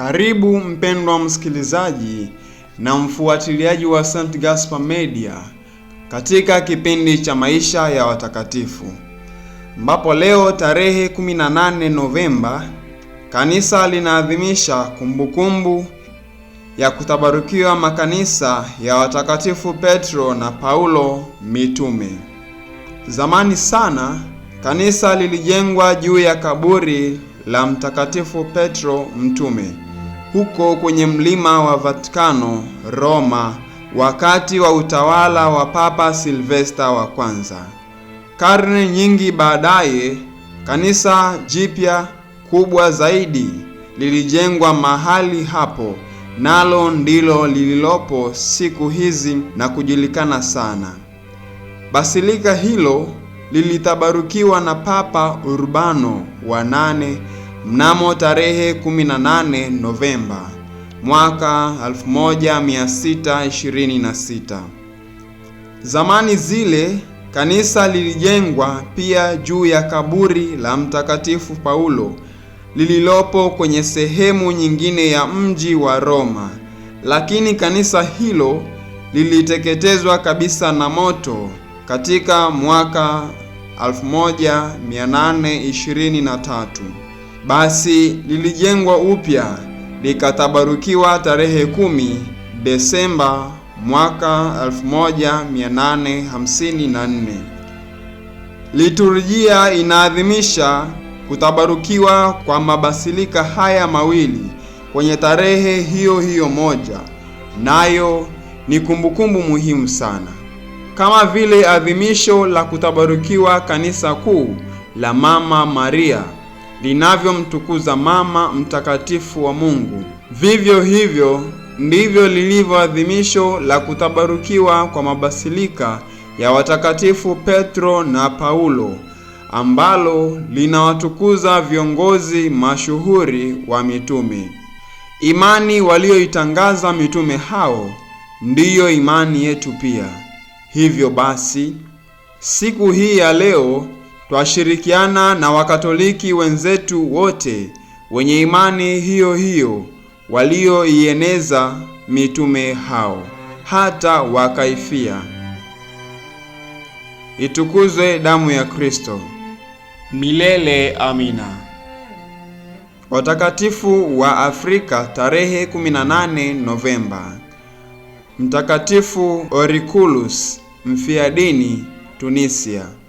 Karibu mpendwa msikilizaji na mfuatiliaji wa St. Gaspar Media katika kipindi cha maisha ya watakatifu, ambapo leo tarehe 18 Novemba kanisa linaadhimisha kumbukumbu ya kutabarukiwa makanisa ya watakatifu Petro na Paulo mitume. Zamani sana kanisa lilijengwa juu ya kaburi la mtakatifu Petro mtume huko kwenye mlima wa Vatikano, Roma, wakati wa utawala wa Papa Silvesta wa kwanza. Karne nyingi baadaye, kanisa jipya kubwa zaidi lilijengwa mahali hapo, nalo ndilo lililopo siku hizi na kujulikana sana. Basilika hilo lilitabarukiwa na Papa Urbano wa nane mnamo tarehe 18 Novemba mwaka 1626. Zamani zile kanisa lilijengwa pia juu ya kaburi la Mtakatifu Paulo lililopo kwenye sehemu nyingine ya mji wa Roma, lakini kanisa hilo liliteketezwa kabisa na moto katika mwaka 1823. Basi lilijengwa upya likatabarukiwa tarehe kumi Desemba mwaka 1854. Liturujia inaadhimisha kutabarukiwa kwa mabasilika haya mawili kwenye tarehe hiyo hiyo moja, nayo ni kumbukumbu muhimu sana, kama vile adhimisho la kutabarukiwa kanisa kuu la Mama Maria linavyomtukuza mama mtakatifu wa Mungu, vivyo hivyo ndivyo lilivyo adhimisho la kutabarukiwa kwa mabasilika ya watakatifu Petro na Paulo ambalo linawatukuza viongozi mashuhuri wa mitume. Imani walioitangaza mitume hao ndiyo imani yetu pia. Hivyo basi, siku hii ya leo twashirikiana na Wakatoliki wenzetu wote wenye imani hiyo hiyo walioieneza mitume hao hata wakaifia. Itukuzwe damu ya Kristo! Milele amina. Watakatifu wa Afrika tarehe 18 Novemba: Mtakatifu Orikulus mfiadini Tunisia.